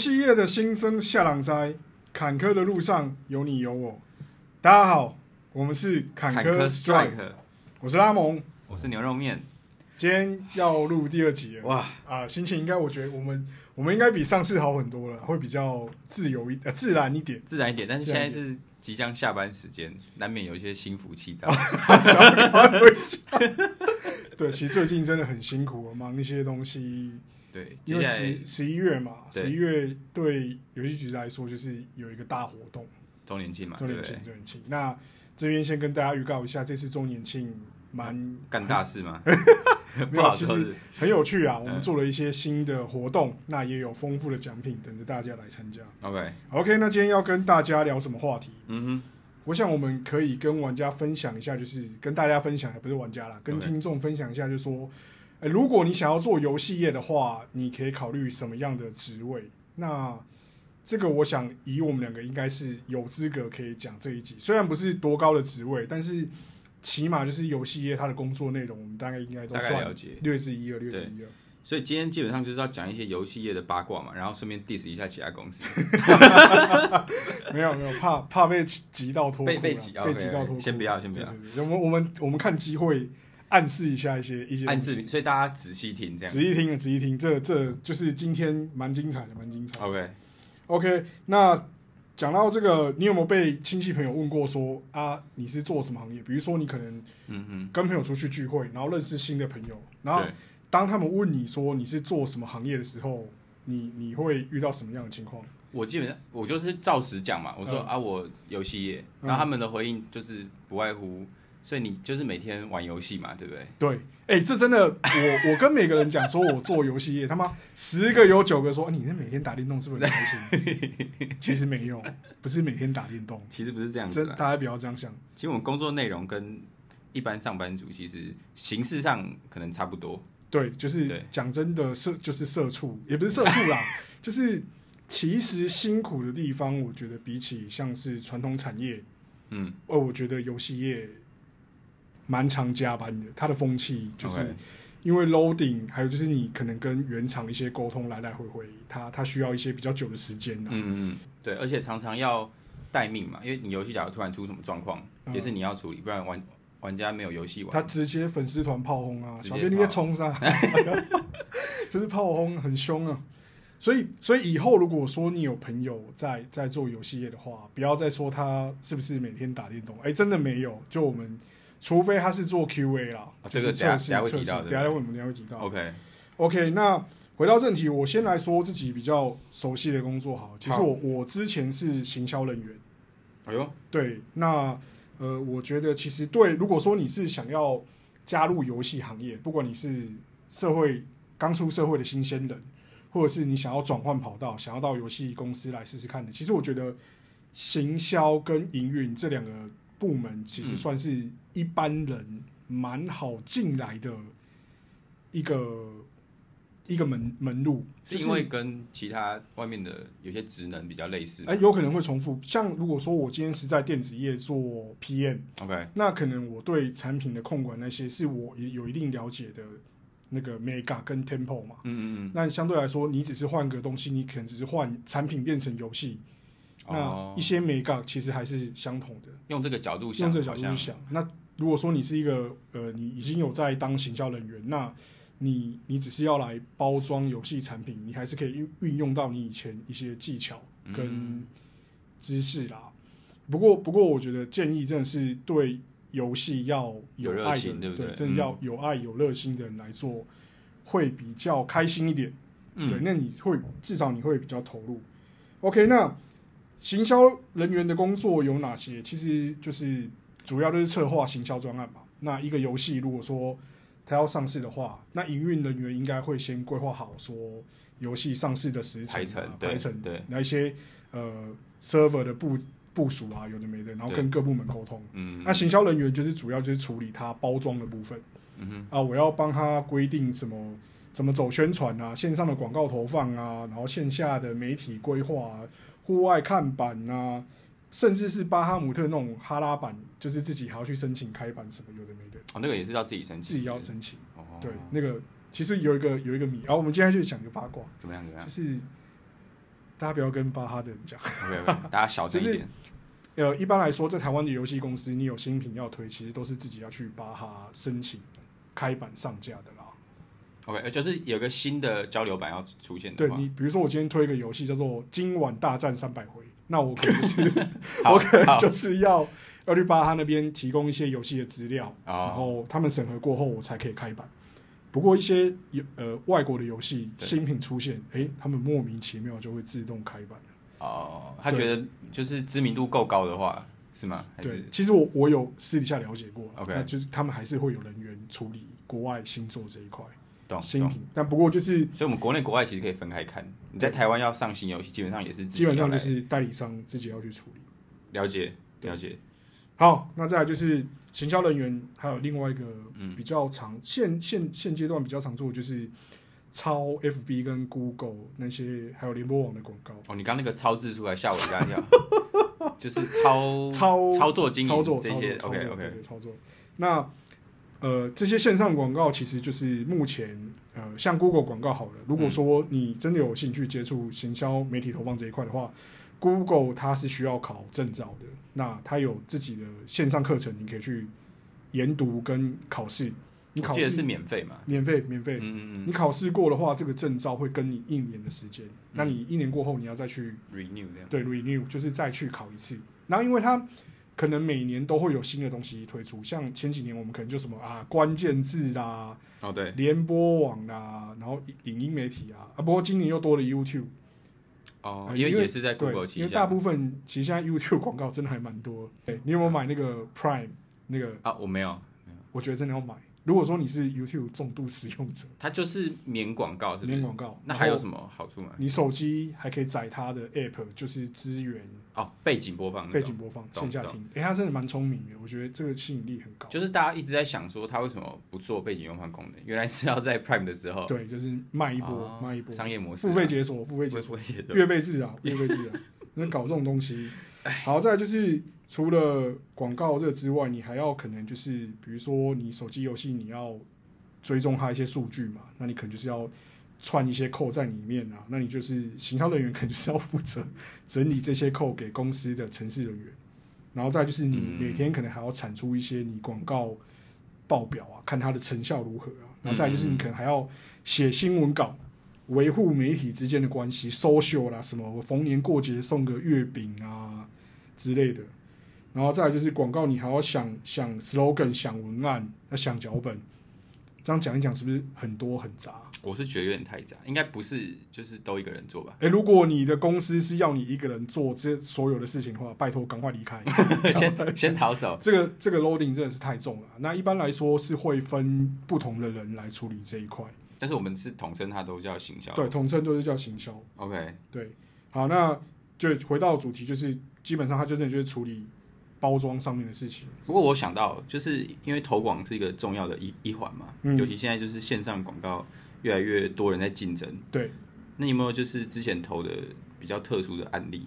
七月的新生下狼災，坎坷的路上有你有我。大家好，我們是坎坷 Strike，坎坷 Strike，我是拉蒙，我是牛肉麵。今天要錄第二集哇啊，呃，心情應該我覺得我們我們應該比上次好很多了，會比較自由一點，呃，自然一點，自然一點。但是現在是即將下班時間，難免有一些心浮氣躁。 對，其實最近真的很辛苦，忙一些東西。對，因為十十一月嘛，十一月對遊戲局來說就是有一個大活動，周年慶嘛，周年慶，周年慶。那這邊先跟大家預告一下，這次周年慶蠻幹大事嗎？ 不好說，其實很有趣啊。我們做了一些新的活動，嗯、那也有豐富的獎品等着大家來參加。OK，OK、okay. okay,。那今天要跟大家聊什麼話題？嗯哼，我想我們可以跟玩家分享一下，就是跟大家分享也不是玩家啦，okay. 跟聽眾分享一下，就是說。欸、如果你想要做遊戲業的話，你可以考慮什麼樣的職位？那這個，我想以我們兩個應該是有資格可以講這一集，雖然不是多高的職位，但是起碼就是遊戲業它的工作內容，我們大概應該都算了解，略知一二，略知一二。所以今天基本上就是要講一些遊戲業的八卦嘛，然後順便 diss 一下其他公司。 沒有沒有，怕怕被擠到脫褲，被被擠，哦、被擠到脫褲。先不要，先不要。對對對，我們我們我們看機會。暗示一下一些一些，暗示，所以大家仔細聽，這樣仔細聽啊，仔細聽，這這就是今天蠻精彩的，蠻精彩的。OK，OK，okay. Okay, 那講到這個，你有沒有被親戚朋友問過說啊，你是做什麼行業？比如說你可能，嗯嗯，跟朋友出去聚會、嗯，然後認識新的朋友，然後當他們問你說你是做什麼行業的時候，你你會遇到什麼樣的情況？我基本上我就是照實講嘛，我說、嗯、啊，我遊戲業，然後他們的回應就是不外乎。所以你就是每天玩遊戲嘛，對不對？對，哎、欸，這真的，我我跟每個人講，說我做遊戲業，他 媽十個有九個說，欸、你是每天打電動是不是開心？ 其實沒有，不是每天打電動，其實不是這樣子，大家不要這樣想。其實我們工作內容跟一般上班族其實形式上可能差不多。對，就是講真的，社就是社畜，也不是社畜啦， 就是其實辛苦的地方，我覺得比起像是傳統產業，嗯，哦，我覺得遊戲業。蠻常加班的，他的風氣就是，因為 loading，、Okay. 還有就是你可能跟原廠一些溝通來來回回，他他需要一些比較久的時間，啊。嗯嗯，對，而且常常要待命嘛，因為你遊戲假如突然出什麼狀況，啊，也是你要處理，不然玩玩家沒有遊戲玩。他直接粉絲團炮轟啊，小編你在衝上 就是炮轟很凶啊。所以所以以後如果說你有朋友在在做遊戲業的話，不要再說他是不是每天打電動，哎、欸，真的沒有，就我們。除非他是做 QA 啦，啊、就是測試測試，等下我們，等下會提到。OK，OK，okay. Okay, 那回到正題，我先來說自己比較熟悉的工作好。其實我我之前是行銷人員。哎呦，對，那呃，我覺得其實對，如果說你是想要加入遊戲行業，不管你是社會剛出社會的新鮮人，或者是你想要轉換跑道，想要到遊戲公司來試試看的，其實我覺得行銷跟營運這兩個。部門其實算是一般人蠻好進來的一、嗯，一個一個門門路，是因為跟其他外面的有些職能比較類似、欸。有可能會重複。像如果說我今天是在電子業做 PM，OK，、okay. 那可能我對產品的控管，那些是我也有一定了解的，那個 Mega 跟 Tempo 嘛。嗯嗯嗯。那相對來說，你只是換個東西，你可能只是換產品變成遊戲。Oh, 那一些美感其實還是相同的。用這個角度想，用這個角度去想。那如果說你是一個呃，你已經有在當行銷人員，那你你只是要來包裝遊戲產品，你還是可以運運用到你以前一些技巧跟知識啦。嗯嗯。不過，不過我覺得建議真的是對遊戲要有熱情，對，對不對？真的要有愛有熱心的人來做、嗯，會比較開心一點。嗯、對，那你會至少你會比較投入。OK，那。行銷人員的工作有哪些？其實就是主要就是策劃行銷專案嘛。那一個遊戲如果說它要上市的話，那營運人員應該會先規劃好說遊戲上市的時程啊，排程對，那一些呃 server 的部、部署啊，有的沒的，然後跟各部門溝通。嗯，那行銷人員就是主要就是處理它包裝的部分。嗯啊，我要幫他規定什麼怎麼走宣傳啊，線上的廣告投放啊，然後線下的媒體規劃。戶外看板吶、啊，甚至是巴哈姆特那種哈拉板，就是自己還要去申請開板什麼，有的沒的。哦，那個也是要自己申請，自己要申請。哦，哦，對，那個其實有一個有一個謎，然後、啊、我們接下去就講一個八卦，怎麼樣怎麼樣？就是大家不要跟巴哈的人講、哦，大家小聲一點、 就是。呃，一般來說，在台灣的遊戲公司，你有新品要推，其實都是自己要去巴哈申請開板上架的 OK，、呃、就是有個新的交流版，要出現的。對你，比如說我今天推一個遊戲叫做《今晚大戰三百回》，那我可能是 好我可能就是要二六八，他那邊提供一些遊戲的資料、哦，然後他們審核過後，我才可以開版。不過一些有呃外國的遊戲新品出現，哎、欸，他們莫名其妙就會自動開版哦，他覺得就是知名度夠高的話是嗎是？對，其實我我有私底下了解過，OK，那就是他們還是會有人員處理國外新作這一塊。新品，但不過就是，所以我們國內國外其實可以分開看。嗯、你在台灣要上新遊戲，基本上也是自己基本上就是代理商自己要去處理。了解，了解。好，那再來就是行銷人員，還有另外一個比較常、嗯、現現現階段比較常做的就是超 FB 跟 Google 那些，還有聯播網的廣告。哦，你剛剛那個“超”字出來嚇我一跳， 就是超超操作經驗超操作這些。OK OK，操作那。呃，這些線上廣告其實就是目前，呃，像 Google 廣告好了。如果說你真的有興趣接觸行銷媒體投放這一塊的話，嗯，Google 它是需要考證照的。那它有自己的線上課程，你可以去研讀跟考試。你考試是免費嗎？免費，免費。免費。嗯，嗯嗯。你考試過的話，這個證照會跟你一年的時間，嗯。那你一年過後，你要再去 renew。對，renew 就是再去考一次。然後因為它。可能每年都會有新的東西推出，像前幾年我們可能就什麼啊關鍵字啦，哦對，聯播網啦，然後影音媒體啦啊，啊不過今年又多了 YouTube，哦、啊、因為，因為也是在 Google 旗下，因為大部分其實現在 YouTube 廣告真的還蠻多。對，你有沒有買那個 Prime 那個啊？我沒有，沒有，我覺得真的要買。如果說你是 YouTube 重度使用者，它就是免廣告是是，是免廣告。那還有什麼好處嗎？你手機還可以載它的 App，就是支援哦，背景播放，背景播放，線下聽。哎、欸，它真的蠻聰明的，我覺得這個吸引力很高。就是大家一直在想說，它為什麼不做背景播放功能？原來是要在 Prime 的時候，對，就是賣一波，賣、哦、一波商業模式、啊，付費解鎖，付費解鎖，月費制啊， 月費制啊。能搞這種東西，好，再來就是。 除了廣告這個之外，你還要可能就是，比如說你手機遊戲，你要追蹤它一些數據嘛？那你可能就是要串一些扣在裡面啊。那你就是行銷人員，可能就是要負責整理這些扣給公司的程式人員。然後再就是你每天可能還要產出一些你廣告報表啊，看它的成效如何啊。那再就是你可能還要寫新聞稿，維護媒體之間的關係，social 啦什麼，我逢年過節送個月餅啊之類的。然後再來就是廣告，你還要想想 slogan、想文案、要想腳本，這樣講一講是不是很多很雜？我是覺得有點太雜，應該不是就是都一個人做吧？欸，如果你的公司是要你一個人做這些所有的事情的話，拜託趕快離開， 先先逃走。 這個這個 loading 真的是太重了。那一般來說是會分不同的人來處理這一塊。但是我們是統稱，它都叫行銷。對，統稱都是叫行銷。OK，對，好，那就回到主題，就是基本上它就是就是處理。包裝上面的事情，不過我想到，就是因為投廣是一個重要的一一環嘛，嗯，尤其現在就是線上廣告越來越多人在競爭，對，那你有沒有就是之前投的比較特殊的案例，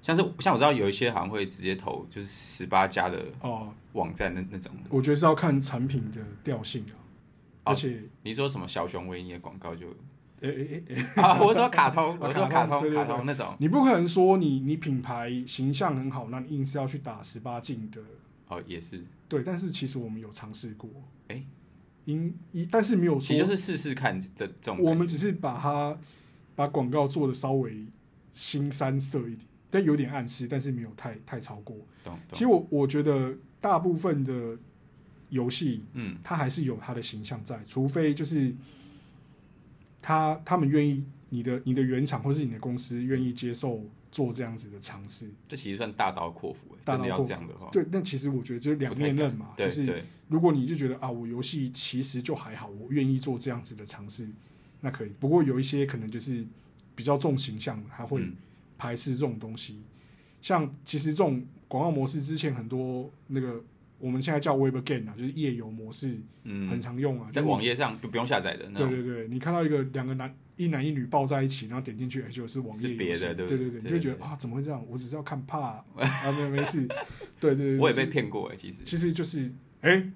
像是像我知道有一些好像會直接投就是十八家的哦網站那，哦，那種的，我覺得是要看產品的調性，啊，而且，哦，你說什麼小熊維尼的廣告就。啊、欸欸，欸 oh, 我說卡通，卡通，我說卡通，對對對卡通那種。你不可能說你你品牌形象很好，那你硬是要去打十八禁的？哦，也是。對，但是其實我們有嘗試過。一、欸、但是沒有說，其實就是試試看的這種。我們只是把它把廣告做的稍微新三色一點，但有點暗示，但是沒有太太超過。其實我我覺得大部分的遊戲，嗯，它還是有它的形象在，除非就是。他他們願意，你的你的原廠或是你的公司願意接受做這樣子的嘗試，這其實算大刀闊斧、欸、大刀闊斧的，真的要這樣的話，對，但其實我覺得就兩面刃嘛對對，就是如果你就覺得啊，我遊戲其實就還好，我願意做這樣子的嘗試，那可以。不過有一些可能就是比較重形象，他會排斥這種東西。嗯、像其實這種廣告模式，之前很多那個。我們現在叫 Web Game 啊，就是頁遊模式，嗯，很常用啊，就是、在網頁上就不用下載的那種對對對，你看到一個兩個男一男一女抱在一起，然後點進去、欸，就是網頁別的對，對對對，對對對，你就覺得啊，怎麼會這樣？我只是要看怕啊，沒、 啊、沒事，對對對，我也被騙過其實、就是、其實就是哎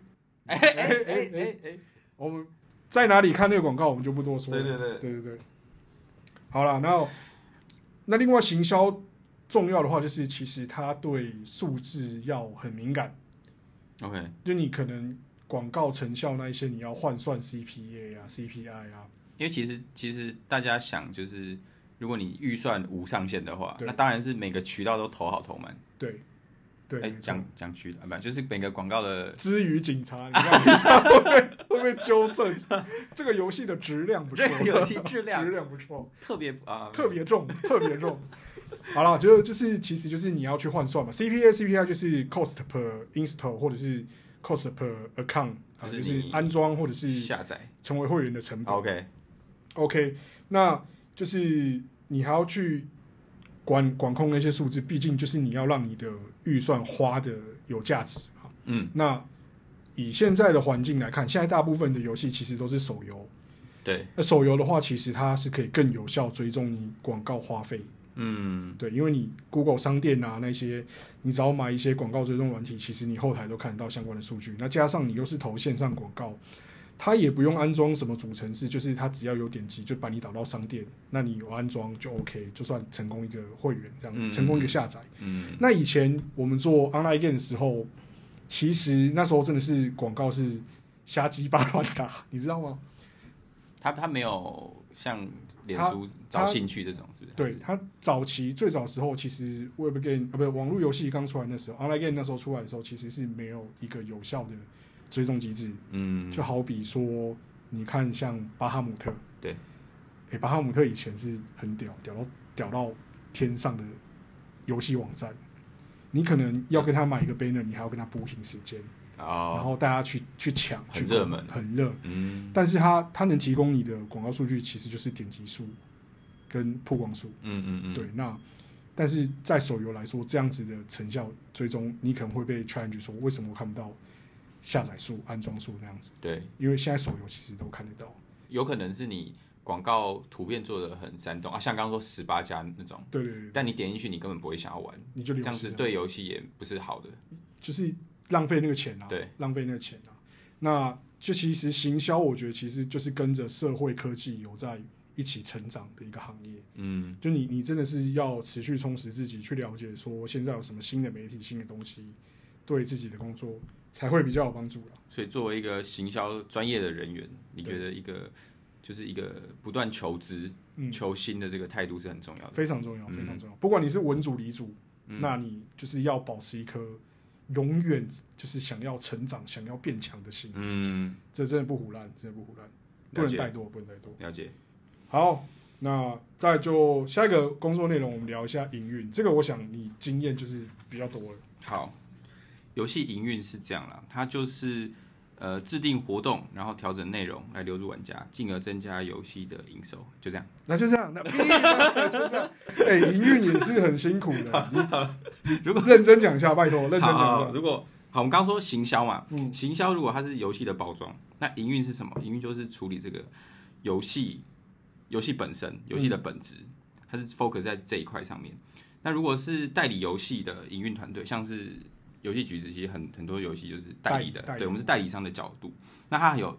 哎哎哎哎我們在哪裡看那個廣告，我們就不多說了。對對對對對，對，對，對，對好了，那那另外行銷重要的話，就是其實他對數字要很敏感。OK，就你可能廣告成效那一些，你要換算 CPA 啊、CPI 啊。因為其實其實大家想就是，如果你預算無上限的話，那當然是每個渠道都投好投滿。對對，哎、欸，講講渠道，不就是每個廣告的支語警察你看 會不會被糾正。這個遊戲的質量不錯，這個、遊戲質量質量不錯，特別啊，特別重，特別重。 好了，就就是其實就是你要去換算嘛 CPA CPI 就是 cost per install 或者是 cost per account 啊，就是安裝或者是下載成為會員的成本。OK OK，那就是你還要去管管控那些數字，畢竟就是你要讓你的預算花的有價值。嗯，那以現在的環境來看，現在大部分的遊戲其實都是手遊。對，那手遊的話，其實它是可以更有效追蹤你廣告花費。嗯，對，因為你 Google 商店啊那些，你只要買一些廣告追蹤軟體，其實你後台都看得到相關的數據。那加上你又是投線上廣告，它也不用安裝什麼組成式，就是它只要有點擊就把你導到商店，那你有安裝就 OK，就算成功一個會員這樣，嗯，成功一個下載。嗯，嗯，那以前我們做 Online Game 的時候，其實那時候真的是廣告是瞎雞巴亂打，你知道嗎？他他沒有像。臉書這種是是他他對他早期最早時候其實 Web Game 啊，不是網絡遊戲剛出來的時候，Online Game、嗯、那時候出來的時候，其實是沒有一個有效的追蹤機制。嗯，就好比說，你看像巴哈姆特，對，誒、欸，巴哈姆特以前是很屌，屌到屌到天上的遊戲網站，你可能要跟他買一個 Banner，你還要跟他 booking 時間。啊，然後大家去去搶，去很熱門，很熱。嗯，但是他他能提供你的廣告數據，其實就是點擊數跟曝光數。嗯嗯嗯，對。那但是在手遊來說，這樣子的成效追蹤，你可能會被 challenge 說，為什麼我看不到下載數、安裝數那樣子？對，因為現在手遊其實都看得到。有可能是你廣告圖片做的很煽動啊，像剛剛，像剛剛說十八加那種。對，對對。但你點進去，你根本不會想要玩，你就這樣子對遊戲也不是好的，就是。浪費那個錢啊！對，浪費那個錢啊！那就其實行銷，我覺得其實就是跟着社會科技有在一起成長的一個行業。嗯，就你你真的是要持續充實自己，去了解說現在有什麼新的媒體、新的東西，對自己的工作才會比較有幫助、啊、所以，作為一個行銷專業的人員，你覺得一個就是一個不斷求知、嗯、求新的這個態度是很重要的，非常重要，非常重要。嗯、不管你是文組理組、嗯，那你就是要保持一顆永遠就是想要成長、想要變強的心，嗯，這真的不唬爛，真的不唬爛，不能太多，不能太多。了解。好，那再就下一個工作內容，我們聊一下營運。這個我想你經驗就是比較多了。好，遊戲營運是這樣啦，它就是。呃，制定活動，然後調整內容來留住玩家，進而增加遊戲的營收，就這樣。那就這樣，那， 那就這樣。哎、欸，營運也是很辛苦的。如 果認真講一下，拜托，認真講一下好好。如果好，我們剛剛說行銷嘛，嗯，行銷如果它是遊戲的包裝，那營運是什麼？營運就是處理這個遊戲，遊戲本身，遊戲的本質，嗯、它是 focus 在這一塊上面。那如果是代理遊戲的營運團隊，像是。遊戲局子，其實很很多遊戲就是代理的、理。對，我們是代理商的角度。那他有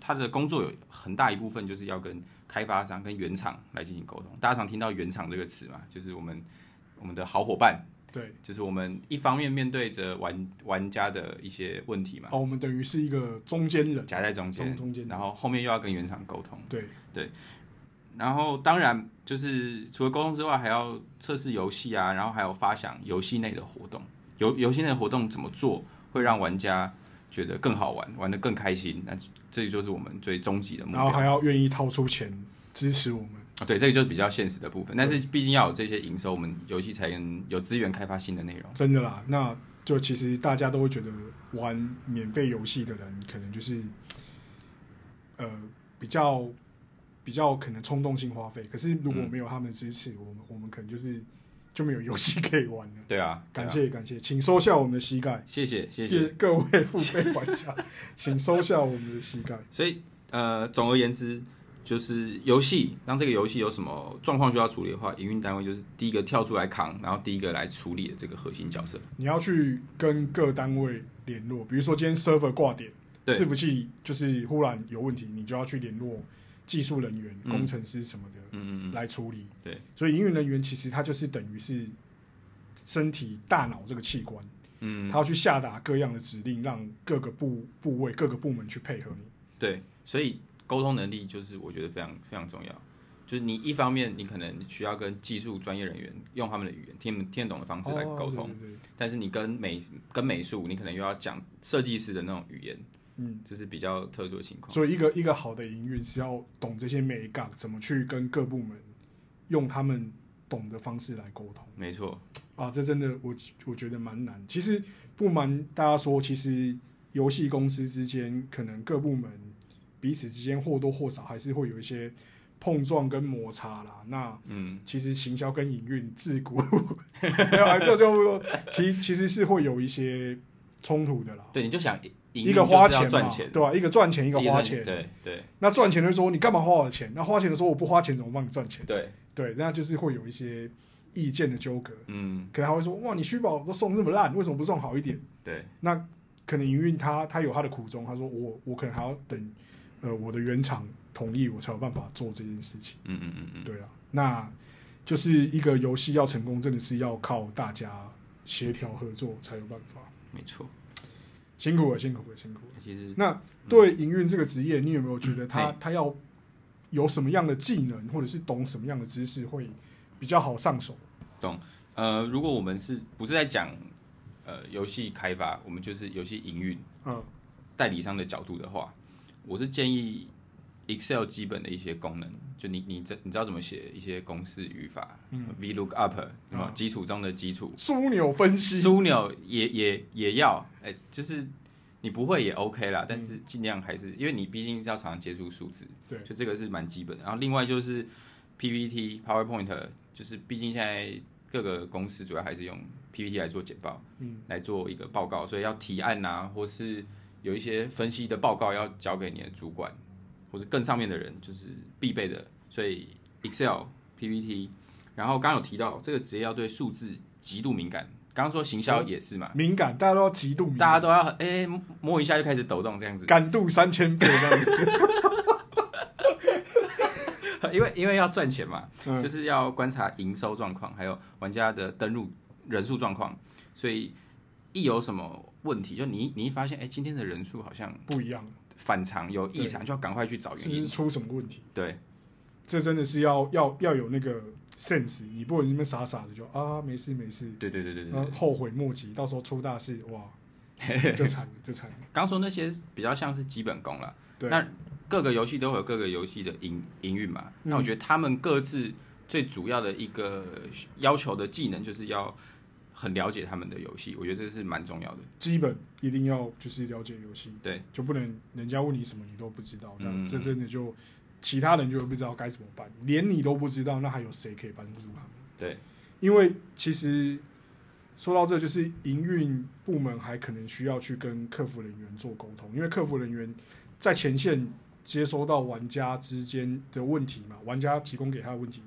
他的工作有很大一部分就是要跟開發商、跟原廠來進行溝通。大家常聽到“原廠”這個詞嘛，就是我們我們的好夥伴。對，就是我們一方面面對着玩玩家的一些問題嘛。哦，我們等於是一個中間人，夾在中間。中間。然後後面又要跟原廠溝通。對對。然後當然就是除了溝通之外，還要測試遊戲啊，然後還有發想遊戲內的活動。遊遊戲的活動怎麼做會讓玩家覺得更好玩，玩得更開心？那這就是我們最終極的目標。然後還要願意掏出錢支持我們啊？對，這個就是比較現實的部分。但是畢竟要有這些營收，我們遊戲才能有資源開發新的內容。真的啦，那就其實大家都會覺得玩免費遊戲的人可能就是，呃，比較比較可能衝動性花費。可是如果沒有他們的支持，我們、嗯、我們可能就是。就沒有遊戲可以玩了。對啊，對啊，感謝感謝，請收下我們的膝蓋。謝謝謝謝，謝謝各位付費玩家， 請收下我們的膝蓋。所以呃，總而言之，就是遊戲當這個遊戲有什麼狀況需要處理的話，營運單位就是第一個跳出來扛，然後第一個來處理的這個核心角色。你要去跟各單位聯絡，比如說今天 server 掛點，對，伺服器就是忽然有問題，你就要去聯絡。技術人員、嗯、工程師什麼的、嗯嗯嗯、來處理，對，所以營運人員其實他就是等於是身體、大腦這個器官，嗯，他要去下達各樣的指令，讓各個部部位、各個部門去配合你。對，所以溝通能力就是我覺得非常非常重要。就是你一方面你可能需要跟技術專業人員用他們的語言、聽聽得懂的方式來溝通、哦啊對對對，但是你跟美跟美術，你可能又要講設計師的那種語言。嗯，這是比較特殊的情況。嗯、所以，一個一個好的營運是要懂這些美感，怎麼去跟各部門用他們懂的方式來溝通。沒錯，啊，這真的我我覺得蠻難。其實不瞞大家說，其實遊戲公司之間可能各部門彼此之間或多或少還是會有一些碰撞跟摩擦啦。那嗯，其實行銷跟營運自古這、嗯、 就其其實是會有一些衝突的啦。對，你就想。一個花錢嘛，對吧？一個賺錢，一個花錢。對，對那賺錢的時候，你干嘛花我的錢？那花錢的時候我不花錢，怎麼幫你賺錢？對，對那就是會有一些意見的糾葛。嗯，可能他會說：哇，你虛寶都送這麼爛，為什麼不送好一點？嗯、對。那可能營運他，他有他的苦衷。他說我：我我可能還要等，呃，我的原廠同意，我才有辦法做這件事情。嗯嗯嗯嗯，對啊，那就是一個遊戲要成功，真的是要靠大家協調合作才有辦法。沒錯。辛苦了，辛苦了，辛苦了。其實，那對營運這個職業，嗯，你有沒有覺得他他要有什麼樣的技能，或者是懂什麼樣的知識會比較好上手？懂，呃，如果我們是不是在講呃遊戲開發，我們就是遊戲營運，嗯，代理商的角度的話，我是建議。Excel 基本的一些功能，就你你這你知道怎麼寫一些公式語法，嗯，vlookup 啊，基礎中的基礎，樞紐分析，樞紐也也也要，哎、欸，就是你不會也 OK 啦，嗯、但是盡量還是，因為你畢竟是要常常接觸數字，對，就這個是蠻基本的。然後另外就是 PPT，PowerPoint，就是畢竟現在各個公司主要還是用 PPT 來做簡報，嗯，來做一個報告，所以要提案吶、啊，或是有一些分析的報告要交給你的主管。或者更上面的人就是必備的，所以 Excel、PPT，然後剛剛有提到這個職業要對數字極度敏感。剛剛說行銷也是嘛，敏感，大家都要極度敏，大家都要誒、欸，摸一下就開始抖動這樣子，感度三千倍這樣子。 因為因為要賺錢嘛、嗯，就是要觀察營收狀況，還有玩家的登入人數狀況，所以一有什麼問題，就你你一發現，哎、欸，今天的人數好像不一樣。反常有異常，就要趕快去找原因，是不是出什麼問題？對，這真的是要要要有那個 sense，你不能那麼傻傻的就啊，沒事沒事。對對對對，對，對後，後悔莫及，到時候出大事哇， 就慘了就慘了。剛說那些比較像是基本功啦，那各個遊戲都有各個遊戲的營，營運嘛、嗯，那我覺得他們各自最主要的一個要求的技能就是要。很了解他們的遊戲，我覺得這是蠻重要的。基本一定要就是了解遊戲，對，就不能人家問你什麼你都不知道，那、嗯嗯、這真的就其他人就不知道該怎麼辦，連你都不知道，那還有誰可以幫助他們？對，因為其實說到這，就是營運部門還可能需要去跟客服人員做溝通，因為客服人員在前線接收到玩家之間的問題嘛，玩家提供給他的問題。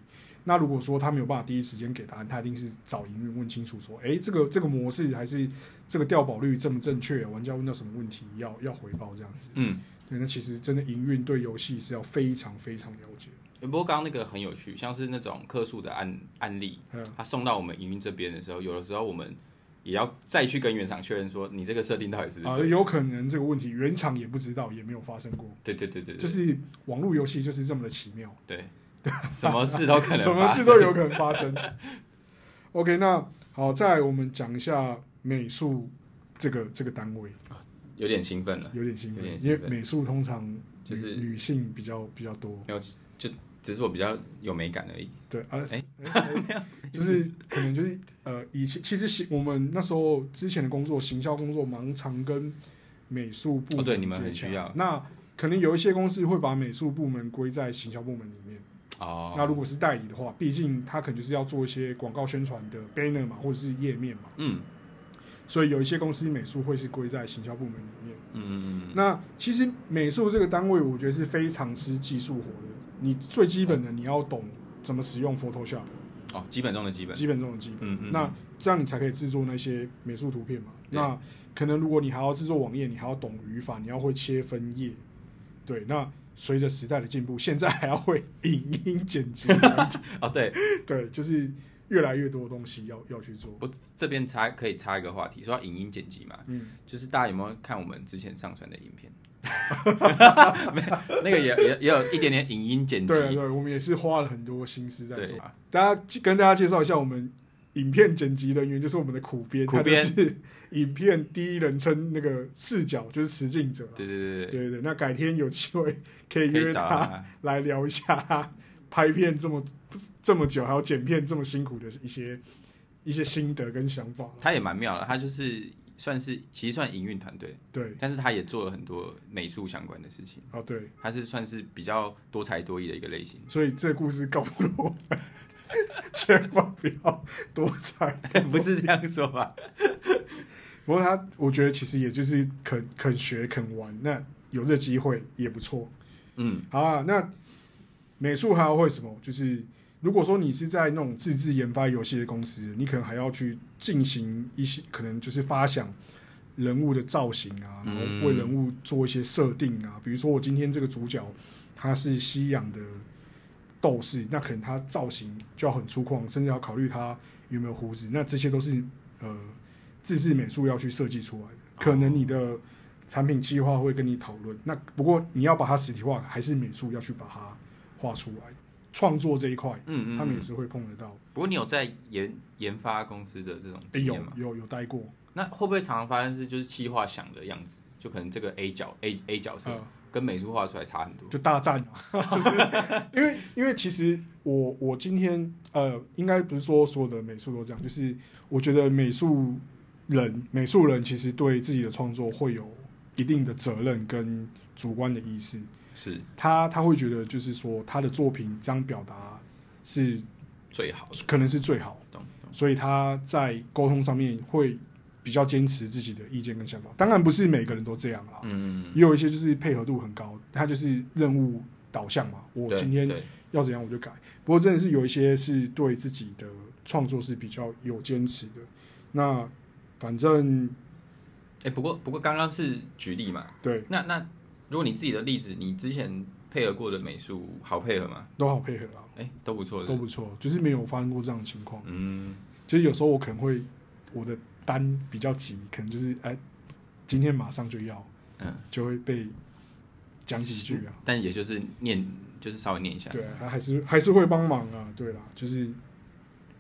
那如果說他沒有辦法第一時間給答案，他一定是找營運問清楚，說，哎，這個這個模式還是這個掉寶率正不正確？玩家問到什麼問題，要要回報這樣子。嗯，對，那其實真的營運對遊戲是要非常非常了解。嗯、不過剛剛那個很有趣，像是那種客訴的案案例，嗯，他送到我們營運這邊的時候，有的時候我們也要再去跟原廠確認，說你這個設定到底是……啊，呃，有可能這個問題原廠也不知道，也沒有發生過。對對對對，對，就是網絡遊戲就是這麼的奇妙。對。 什麼事都可能， 什麼事都有可能發生。OK，那好，再我們講一下美術這個這個單位啊，有點興奮了，有點興奮，因為美術通常就是女性比較比較多。沒有，就只是我比較有美感而已。對啊，哎、欸欸， 就是可能就是呃，以前其實行我們那時候之前的工作，行銷工作蠻常跟美術部門、哦、對，你們很需要。那可能有一些公司會把美術部門歸在行銷部門裡面。Oh. 那如果是代理的話，畢竟他肯定是要做一些廣告宣傳的 banner 嘛，或者是頁面嘛。嗯、mm.，所以有一些公司美術會是歸在行銷部門裡面。嗯、mm -hmm.，那其實美術這個單位，我覺得是非常吃技術活的。你最基本的你要懂怎麼使用 Photoshop。哦，基本中的基本，基本中的基本。Mm -hmm. 那這樣你才可以制作那些美術圖片嘛？Yeah. 那可能如果你還要制作網頁，你還要懂語法，你要會切分頁。對，那。隨着時代的進步，現在還要會影音剪輯 哦，對對，就是越來越多東西要要去做。我這邊可以插一個話題，說到影音剪輯嘛，嗯，就是大家有沒有看我們之前上傳的影片？沒 那個也也也有一點點影音剪輯。對對，我們也是花了很多心思在做。大家跟大家介紹一下我們。影片剪輯人員就是我們的苦編，他就是影片第一人稱那個視角，就是持鏡者。對對對對對,對,對那改天有機會可以約他來聊一下拍片這麼這麼久，還有剪片這麼辛苦的一些一些心得跟想法。他也蠻妙的，他就是算是其實算營運團隊，對，但是他也做了很多美術相關的事情哦對，他是算是比較多才多藝的一個類型。所以這故事告訴我們。千 萬不要多才， 不是這樣說吧？ 不過他，我覺得其實也就是肯肯學肯玩，那有這機會也不錯。嗯，好啊。那美術還要會什麼？就是如果說你是在那種自製研發遊戲的公司，你可能還要去進行一些，可能就是發想人物的造型啊，然後為人物做一些設定啊、嗯。比如說，我今天這個主角他是西洋的鬥士，那可能他造型就要很粗獷，甚至要考慮他有沒有鬍子，那這些都是呃，自製美術要去設計出來的。哦。可能你的產品計劃會跟你討論，那不過你要把它實體化，還是美術要去把它畫出來，創作這一塊，嗯，嗯嗯，他們也是會碰得到。不過你有在研研發公司的這種經驗嗎？欸、有有，有待過，那會不會常常發生是就是企劃想的樣子，就可能這個 A 角 A A 角色。呃跟美術畫出來差很多，就大讚、啊、 就是因為，因為其實我我今天呃，應該不是說所有的美術都這樣，就是我覺得美術人美術人其實對自己的創作會有一定的責任跟主觀的意識，是他他會覺得就是說他的作品這樣表達是最好，可能是最好，所以他在溝通上面會。比較堅持自己的意見跟想法，當然不是每個人都這樣啦。嗯，也有一些就是配合度很高，他就是任務導向嘛。我今天要怎樣我就改。不過真的是有一些是對自己的創作是比較有堅持的。那反正、欸，哎，不過不過剛剛是舉例嘛。對，那那如果你自己的例子，你之前配合過的美術好配合嗎？都好配合啊。哎、欸，都不錯，都不錯，就是沒有發生過這樣的情況。嗯，其實有時候我可能會我的。單比較急，可能就是哎、欸，今天馬上就要，嗯、就會被講幾句啊。但也就是念，就是稍微念一下，對、啊，他還是還是會幫忙啊，對啦，就是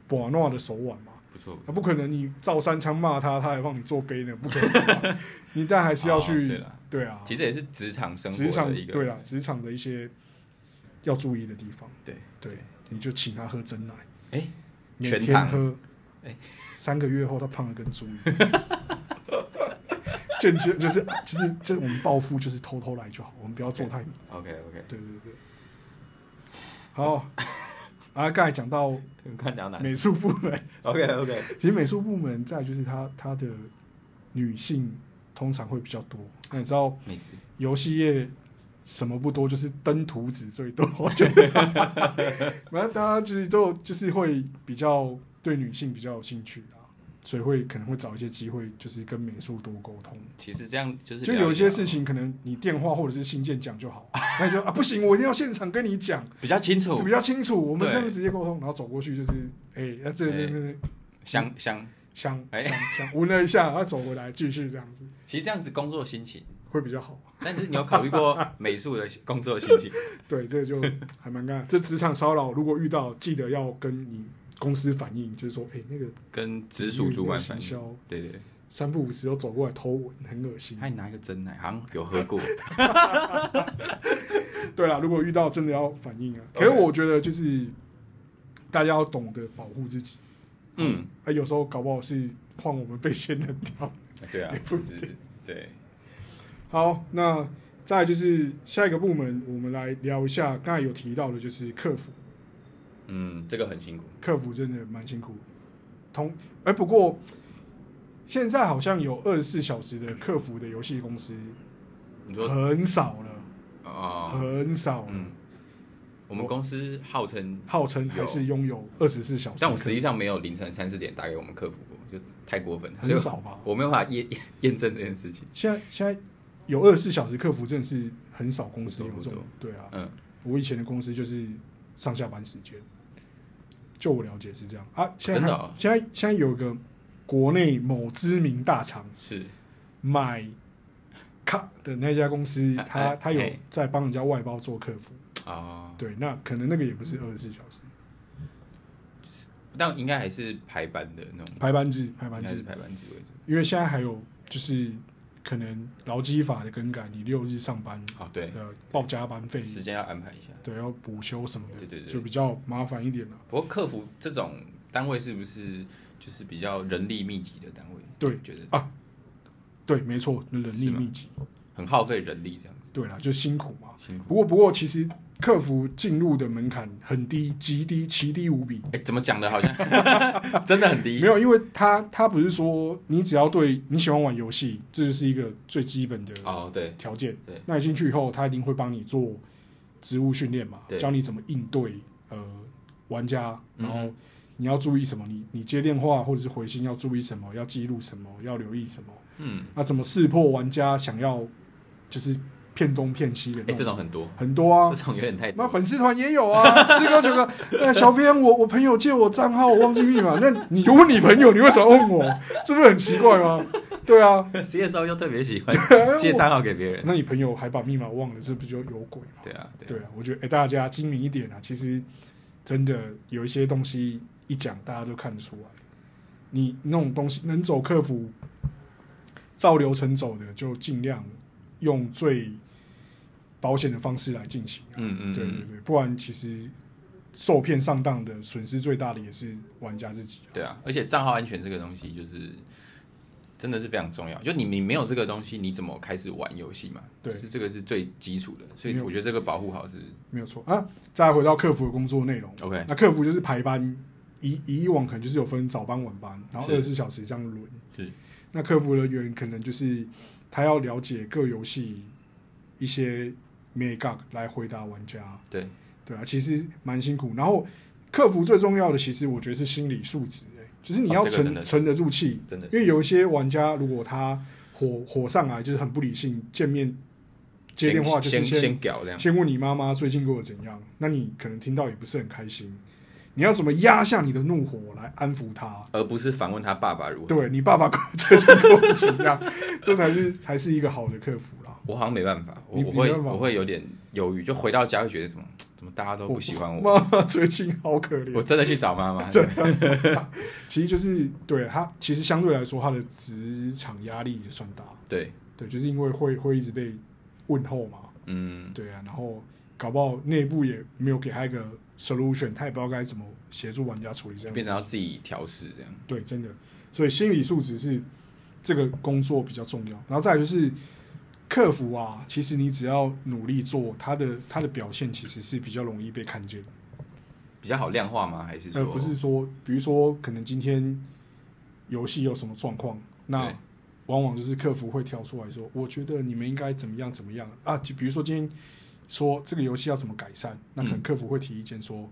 把諾的手腕嘛，不錯。那不可能你照三餐罵他，他還幫你做杯呢，不可能、啊。 你但還是要去、啊對，對啊。其實也是職場生活的一個，職場對啦，職場的一些要注意的地方。對，對，你就請他喝珍奶，哎、欸，全天喝。哎、欸，三個月後他胖了跟豬一樣，間 接就是就是就是、我們報復就是偷偷來就好，我們不要做太明。OK OK，對對對，好， 啊剛才講到，到美術部門。OK OK，其實美術部門在就是他他的女性通常會比較多。 那你知道，遊戲業什麼不多，就是登徒子最多，所以都我覺得，反正大家就是都就是會比較。對女性比較有興趣的、啊，所以會可能會找一些機會，就是跟美術多溝通。其實這樣就是，就有一些事情，可能你電話或者是信件講就好，那 就啊不行，我一定要現場跟你講，比較清楚，就比較清楚。我們這樣直接溝通，然後走過去就是，哎、欸，啊、這這這、就是，想想想，哎，聞、欸、了一下，他走回來繼續這樣子。 其實這樣子工作心情會比較好，但是你有考慮過美術的工作的心情？ 對，這個、就還蠻幹。 這職場騷擾如果遇到，記得要跟你。公司反應就是說，哎、欸，那個跟直屬主管反映，對對，對三不五時又走過來偷吻，很噁心。還拿一個珍奶，好、 啊、有喝過。 對啦。如果遇到真的要反應啊，okay. 可是我覺得就是大家要懂得保護自己。嗯，啊、嗯欸，有時候搞不好是碰我們被牽的掉、啊。對啊，不對，好，那再就是下一個部門，我們來聊一下剛才有提到的，就是客服。嗯，這個很辛苦。客服真的蠻辛苦。同，哎、欸，不過現在好像有二十四小時的客服的遊戲公司，你說很少了，啊、哦，很少了。嗯，我們公司號稱號稱還是擁有二十四小時，但我實際上沒有凌晨三四點打給我們客服過，就太過分了，很少吧？我沒有辦法驗驗、嗯、證這件事情。現在現在有二十四小時客服，真的是很少公司有這種不多不多。對啊，嗯，我以前的公司就是上下班時間。就我了解是這樣啊，現在現在現在有個國內某知名大廠是買卡的那家公司，他他有在幫人家外包做客服啊，對，那可能那個也不是二十四小時，但應該還是排班的那種排班制，排班制排班制為主，因為現在還有就是。可能勞基法的更改，你六日上班啊、哦，對、呃，報加班費，時間要安排一下，對，要補休什麼的，對對，對就比較麻煩一點了。不過客服這種單位是不是就是比較人力密集的單位？對，啊、覺得啊，對，沒錯，人力密集，很耗費人力這樣子，對啦就辛苦嘛，辛苦。不過，不過其實。客服進入的門檻很低，極低，奇低無比。欸、怎麼講的？好像 真的很低。沒有，因為他他不是說你只要對你喜歡玩遊戲，這就是一個最基本的條哦，對條件。對，那你進去以後，他一定會幫你做職務訓練嘛，教你怎麼應對呃玩家，然後你要注意什麼？嗯、你你接電話或者是回信要注意什麼？要記錄什麼？要留意什麼？嗯，那怎麼識破玩家想要就是？騙東騙西的，哎、啊，欸，這種很多很多啊，這種有點太那粉絲團也有啊， 四哥九哥，那 小編，我我朋友借我賬號，我忘記密碼， 那你就問 你朋友，你為什麼問我？ 這不是很奇怪嗎？ 對啊，誰的時候又特別喜歡借賬號給別人？那你朋友還把密碼忘了，這不就有鬼嗎對？啊？對啊，對啊，我覺得哎、欸，大家精明一點啊，其實真的有一些東西一講大家都看得出來，你那種東西能走客服，照流程走的就盡量用最保險的方式來進行啊，嗯嗯,嗯，對對對，不然其實受騙上當的損失最大的也是玩家自己啊。對啊，而且賬號安全這個東西就是真的是非常重要，就你你沒有這個東西，你怎麼開始玩遊戲嘛？對，就是這個是最基礎的，所以我覺得這個保護好是沒有錯啊。再回到客服的工作內容，OK，那客服就是排班，以以往可能就是有分早班、晚班，然後二十四小時這樣輪。是，那客服人員可能就是他要了解各遊戲一些。Make up 來回答玩家，對對啊，其實蠻辛苦。然後客服最重要的，其實我覺得是心理素質，就是你要沉、啊這個、的沉得住氣。真的，因為有一些玩家，如果他火火上來，就是很不理性。見面接電話就是先先、先搞這樣，先問你媽媽最近過得怎樣，那你可能聽到也不是很開心。你要怎麼壓下你的怒火來安撫他，而不是反問他爸爸如何？對你爸爸呵呵這樣 這才是才是一個好的客服啦。我好像沒辦法，我，法我會我會有點猶豫，就回到家會覺得什麼，怎麼大家都不喜歡我？媽媽最近好可憐，我真的去找媽媽。 其實就是對他，其實相對來說他的職場壓力也算大。對對，就是因為會會一直被問候嘛。嗯，對啊，然後搞不好內部也沒有給他一個。Solution，他也不知道該怎麼協助玩家處理這樣，就變成要自己調適這樣。對，真的，所以心理素質是這個工作比較重要。然後再就是客服啊，其實你只要努力做，他的他的表現其實是比較容易被看見的，比較好量化嗎？還是說、呃、不是說，比如說可能今天遊戲有什麼狀況，那往往就是客服會跳出來說，我覺得你們應該怎麼樣怎麼樣啊？就比如說今天。說這個遊戲要怎麼改善？那可能客服會提意見說、嗯：“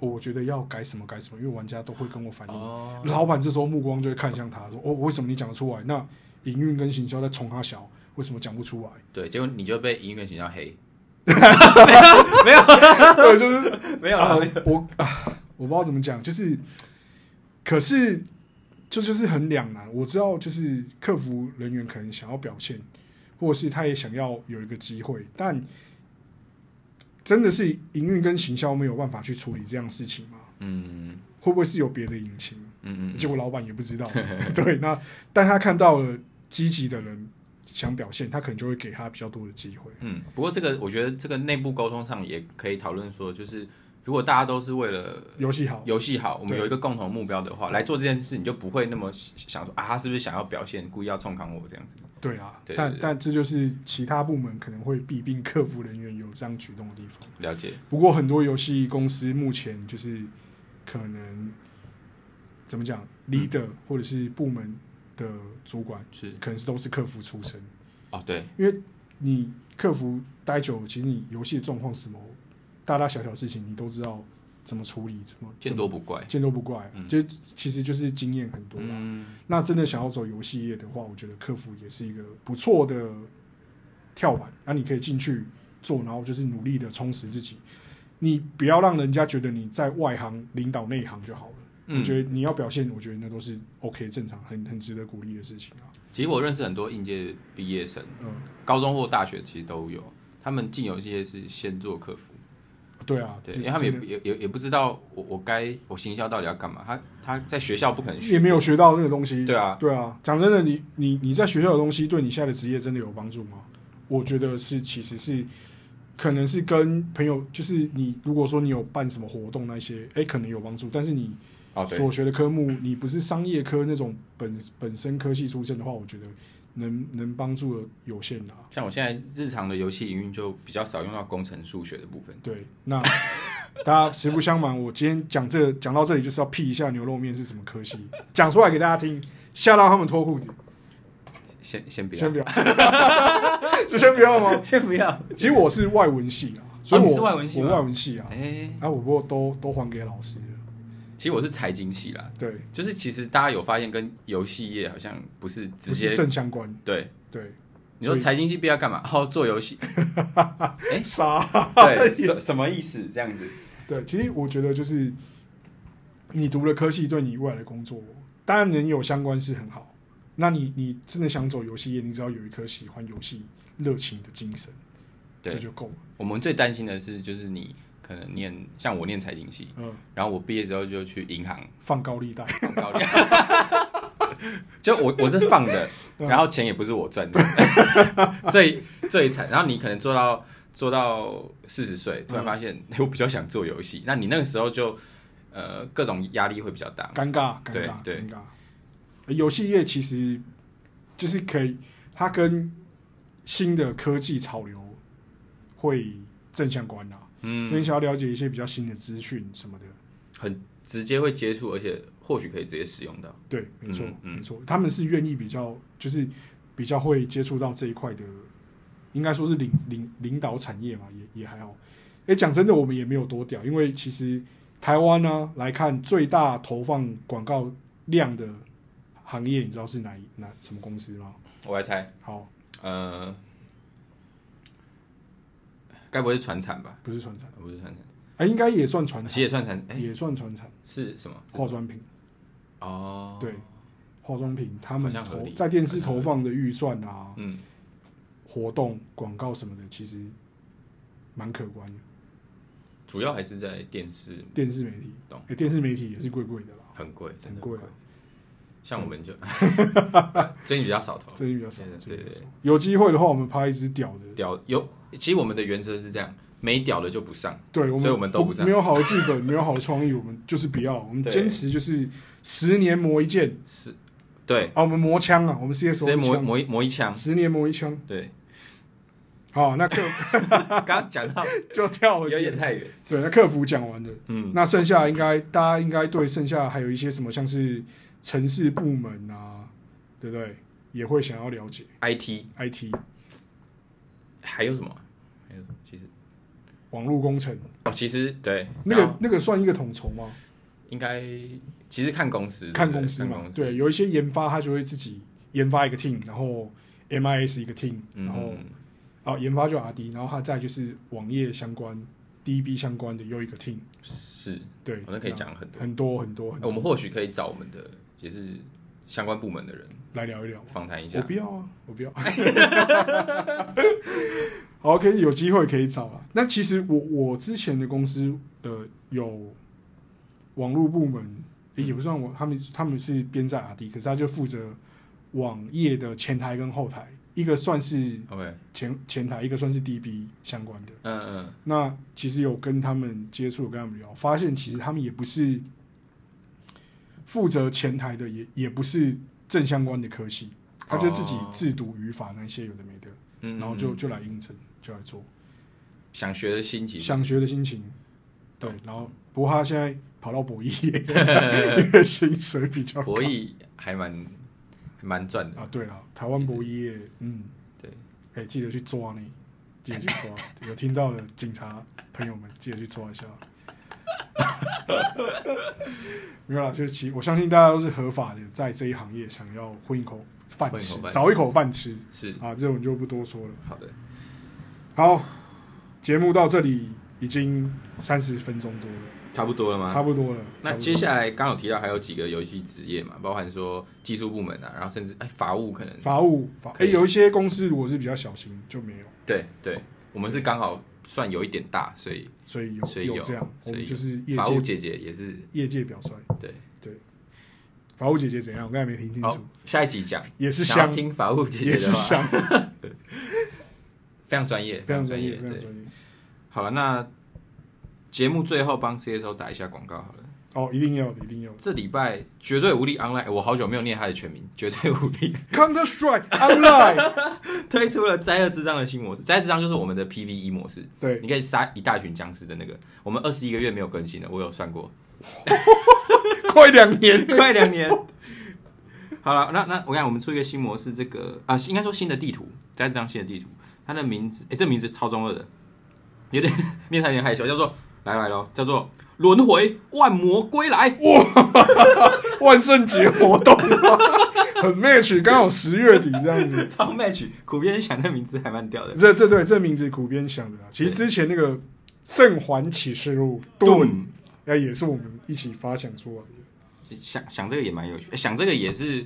我覺得要改什麼改什麼。”因為玩家都會跟我反映、哦。老闆這時候目光就會看向他，說：“我、哦、為什麼你講得出來？”那營運跟行銷在衝他小，為什麼講不出來？對，結果你就被營運跟行銷黑。 沒有， 沒有，對，就是沒有、呃沒有。我啊、呃，我不知道怎麼講，就是，可是就就是很兩難。我知道，就是客服人員可能想要表現，或者是他也想要有一個機會，但。真的是營運跟行銷沒有辦法去處理這樣事情嗎？嗯，會不會是有別的隱情？嗯嗯，結果老闆也不知道。嗯、 對，那但他看到了積極的人想表現，他可能就會給他比較多的機會。嗯，不過這個我覺得這個內部溝通上也可以討論說，就是。如果大家都是為了遊戲好，遊戲好，我們有一個共同目標的話，來做這件事，你就不會那麼想說啊，他是不是想要表現，故意要衝康我這樣子？對啊，對對對，但但這就是其他部門可能會弊病，客服人員有這樣舉動的地方。了解。不過很多遊戲公司目前就是可能怎麼講，嗯，leader 或者是部門的主管是可能是都是客服出身啊。哦，對，因為你客服待久，其實你遊戲的狀況是什麼。大大小小事情你都知道怎麼處理，怎麼，怎麼見多不怪，見多不怪。嗯、就其實就是經驗很多嘛、嗯。那真的想要走遊戲業的話，我覺得客服也是一個不錯的跳板。那、啊、你可以進去做，然後就是努力的充實自己。你不要讓人家覺得你在外行領導內行就好了、嗯。我覺得你要表現，我覺得那都是 OK 正常，很很值得鼓勵的事情啊。其實我認識很多應屆畢業生，嗯，高中或大學其實都有，他們進遊戲業是先做客服。對啊，對，啊。欸、他們也也也不知道我我該我行銷到底要幹嘛，他他在學校不肯學，也沒有學到那個東西。對啊，對啊，講真的，你你你在學校的東西對你現在的職業真的有幫助嗎？我覺得是，其實是可能是跟朋友，就是你如果說你有辦什麼活動那些，哎、欸，可能有幫助。但是你所學的科目，oh, 你不是商業科那種本本身科系出身的話，我覺得。能能幫助的有限的、啊。像我現在日常的遊戲營運就比較少用到工程數學的部分。對，那大家實不相瞞， 我今天講這講到這裡就是要闢一下牛肉麵是什麼科系，講出來給大家聽，嚇到他們脫褲子。先先不要，先不要， 先不要嗎？先不要。其實我是外文系啊，所以我、啊、你是外文系，我外文系啊。哎、欸，啊，我不過都都還給老師。其實我是財經系啦，對，就是其實大家有發現，跟遊戲業好像不是直接是正相關。對對，你說財經系必要幹嘛？哦，oh，做遊戲？哎，啥？對，什 什麼意思？這樣子？對，其實我覺得就是你讀了科系，對你未來的工作當然能有相關是很好。那你你真的想走遊戲業，你只要有一顆喜歡遊戲熱情的精神，這就夠了。我們最擔心的是，就是你。可能念像我念財經系，嗯，然後我畢業之後就去銀行放高利貸，放高利貸， 就我我是放的、嗯，然後錢也不是我賺的，這一這一層，然後你可能做到做到四十歲，突然發現、嗯、我比較想做遊戲，那你那個時候就呃各種壓力會比較大，尷尬尷尬尷尬，欸、遊戲業其實就是可以，它跟新的科技潮流會正相關啊。嗯，所以想要了解一些比較新的資訊什麼的，很直接會接觸，而且或許可以直接使用到。對，沒錯，嗯，沒錯，嗯，他們是願意比較，就是比較會接觸到這一塊的，應該說是領領領導產業嘛，也也還好。哎，欸，講真的，我們也沒有多屌，因為其實台灣呢，來看最大投放廣告量的行業，你知道是哪哪什麼公司嗎？我來猜。好，呃。該不會是傳產吧？不是傳產、啊，不是傳產，哎、欸，應該也算傳產，其實也算傳產、欸，也算傳產是什，是什麼？化妝品哦，對，化妝品，他們合理在電視投放的預算啊，嗯，活動廣告什麼的，其實蠻可觀的。主要還是在電視，電視媒體懂、欸，電視媒體也是貴貴的啦，很、嗯、貴，很貴、啊。像我們就、嗯、 最近比較少投，最近比較少投，對對，對。有機會的話，我們拍一支屌的屌有。其實我們的原則是這樣，沒屌的就不上，對，所以我們都不上。沒有好的劇本，沒有好的創意， 我們就是不要。我們堅持就是十年磨一劍，是，對。啊，我們磨槍啊，我們 CSO 磨磨、啊、磨一槍，十年磨一槍，對。好，那客服剛剛講到 就跳回了，有點太遠。對，那客服講完了，嗯，那剩下應該大家應該對剩下還有一些什麼，像是程式部門啊，對不對？也會想要了解 IT，IT。IT IT 還有什麼？還有什麼？其實網絡工程哦，其實對那個那個算一個統籌嗎？應該其實看公司對不對，看公司嘛看公司。對，有一些研發他就會自己研發一個 team，然後 MIS 一個 team，、嗯、然後、哦、研發就 RD，然後他再就是網頁相關、DB 相關的又一個 team。是，對，我們可以講很,很,很多很多很多。呃、我們或許可以找我們的，其實。相關部門的人來聊一聊，訪談一下。我不要啊，我不要、啊。 好，OK，有機會可以找啊。那其實我我之前的公司呃有網絡部門、欸，也不算我，他們他們是編在 RD，可是他就負責網頁的前台跟後台，一個算是前、okay. 前台，一個算是 DB 相關的。嗯嗯,嗯。那其實有跟他們接觸，跟他們聊，發現其實他們也不是。負責前台的也也不是正相關的科系，他就自己自讀語法那些有的沒的，哦、然後就就來應徵，就來做。想學的心情，想學的心情。對，然後不過他現在跑到博弈，因為薪 水比較。博弈還蠻蠻賺的啊。對啊，台灣博弈，嗯，對，哎、欸，記得去抓你，記得去抓。有聽到的警察朋友們，記得去抓一下。 沒有啦，就是其，我相信大家都是合法的，在這一行業想要混一口飯吃，吃，找一口飯吃。是啊，這種就不多說了。好的，好，節目到這裡已經三十分鐘多了，差不多了嗎？差不多了。那接下來剛好提到還有幾個遊戲職業嘛，包含說技術部門啊，然後甚至哎法務，可能法務，哎、欸、有一些公司如果是比較小型就沒有。對對，oh, 我們是剛好，算有一點大，所以所以有所以有，有這樣所以有，我們就是業界法務姐姐也是業界表率。對對，對，法務姐姐怎樣？我剛才沒聽清楚。哦。下一集講，也是想聽法務姐姐的 對。非常專業，非常專業，非常專業，對。好了，那節目最後幫 CSO 打一下廣告，好了。哦、oh，一定要，一定要！這禮拜絕對武力 online，我好久沒有念他的全名，絕對武力。Counter Strike Online 推出了災厄之章的新模式，災厄之章就是我們的 PVE 模式。對，你可以殺一大群殭屍的那個。我們二十一個月沒有更新了，我有算過， 快兩年，快兩年。好了，那那我看我們出一個新模式，這個啊、呃，應該說新的地圖，災厄之章新的地圖，它的名字，哎，這名字超中二的，有點念有點害羞，叫做來來嘍，叫做。輪回萬魔歸來哇，萬聖節活動，很 match，剛好十月底這樣子， 超 match。苦邊想這名字還蠻屌的，對對對，這名字苦邊想的、啊。其實之前那個《聖環啟示錄》盾，那也是我們一起發想出來的。想想這個也蠻有趣、欸，想這個也是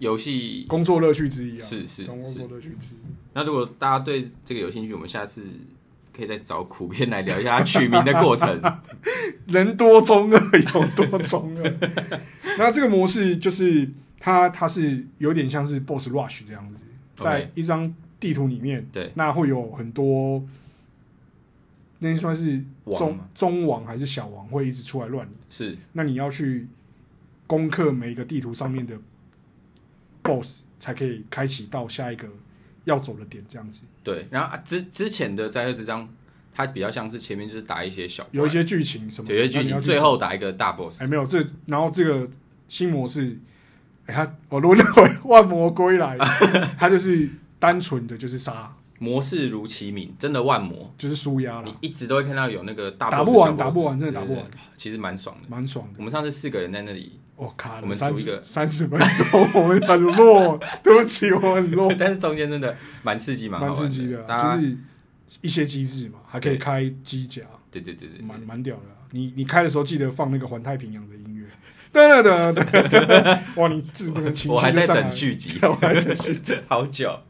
遊戲工作樂趣之一啊，是是是工作樂趣之一是是。那如果大家對這個有興趣，我們下次。可以再找苦片來聊一下他取名的過程。 人多中二有多中二。 那這個模式就是它，它是有點像是 Boss Rush 這樣子，okay. 在一張地圖裡面，對，那會有很多，那算是中王中王還是小王會一直出來亂。是，那你要去攻克每一個地圖上面的 Boss，才可以開啟到下一個。要走的點這樣子，對。然後之、啊、之前的在這張，章，它比較像是前面就是打一些小，有一些劇情什麼，有些劇情，最後打一個大 boss。哎，沒有這，然後這個新模式，哎，他我認為萬魔歸來， 他就是單純的就是殺模式如其名，真的萬魔就是紓壓了。你一直都會看到有那個大 boss, 打不完，boss, 打不完，真的打不完。就是、其實蠻爽的，蠻爽的。我們上次四個人在那裡。我靠！我們組個三十分鐘，我們很弱。 對不起，我很弱。 但是中間真的蠻刺激，蠻刺激的，啊，就是一些機制嘛，還可以開機甲。對對對對、對、對，蠻蠻屌的，啊。你你開的時候記得放那個環太平洋的音樂。對對對對對。 哇，你這這個情緒就上來。我還在等劇集， 好久。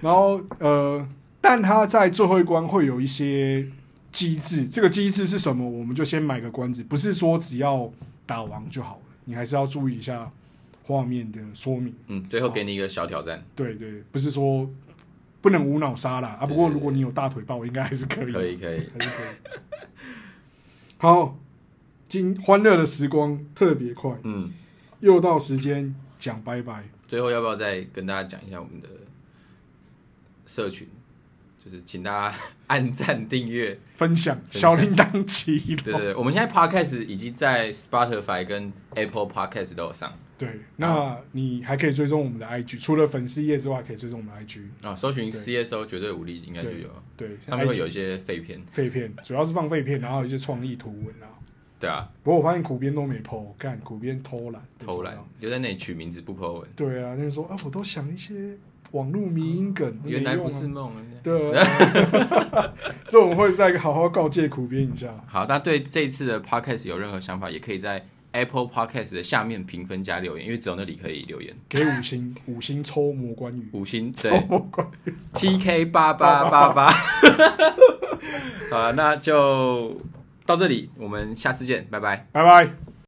然後呃，但他在最後一關會有一些機制，這個機制是什麼，我們就先買個關子，不是說只要打王就好。你還是要注意一下畫面的說明。嗯，最後給你一個小挑戰。啊、對，對對，不是說不能無腦殺啦，對對對，啊！不過如果你有大腿抱，我應該還是可以。可以可以，還是可以。 好，今歡樂的時光特別快。嗯，又到時間講拜拜。最後要不要再跟大家講一下我們的社群？就是請大家按讚、訂閱、分享，分享小鈴鐺。起對對，對我們現在 Podcast 已經在 Spotify 跟 Apple Podcast 都有上。對，那你還可以追蹤我們的 IG，、嗯、除了粉絲頁之外，可以追蹤我們的 IG 啊、哦。搜尋 CSO 對絕對武力應該就有。對，對 IG，上面會有一些廢片，廢片主要是放廢片，然後有一些創意圖文啊。對啊，不過我發現苦編都沒 po，看苦編偷懶偷懶，留在那裡取名字不 po 文，、欸。對啊，那時、個、候啊，我都想一些。網路迷因梗，原來不是夢、嗯。對，這、啊、 我們會再好好告誡、苦編一下。好，大家對這一次的 podcast 有任何想法，也可以在 Apple Podcast 的下面評分加留言，因為只有那裡可以留言。給五星， 五星抽魔關羽，五星抽魔關羽，TK 八八八八。7K8888, 好、啊，那就到這裡，我們下次見，拜拜，拜拜。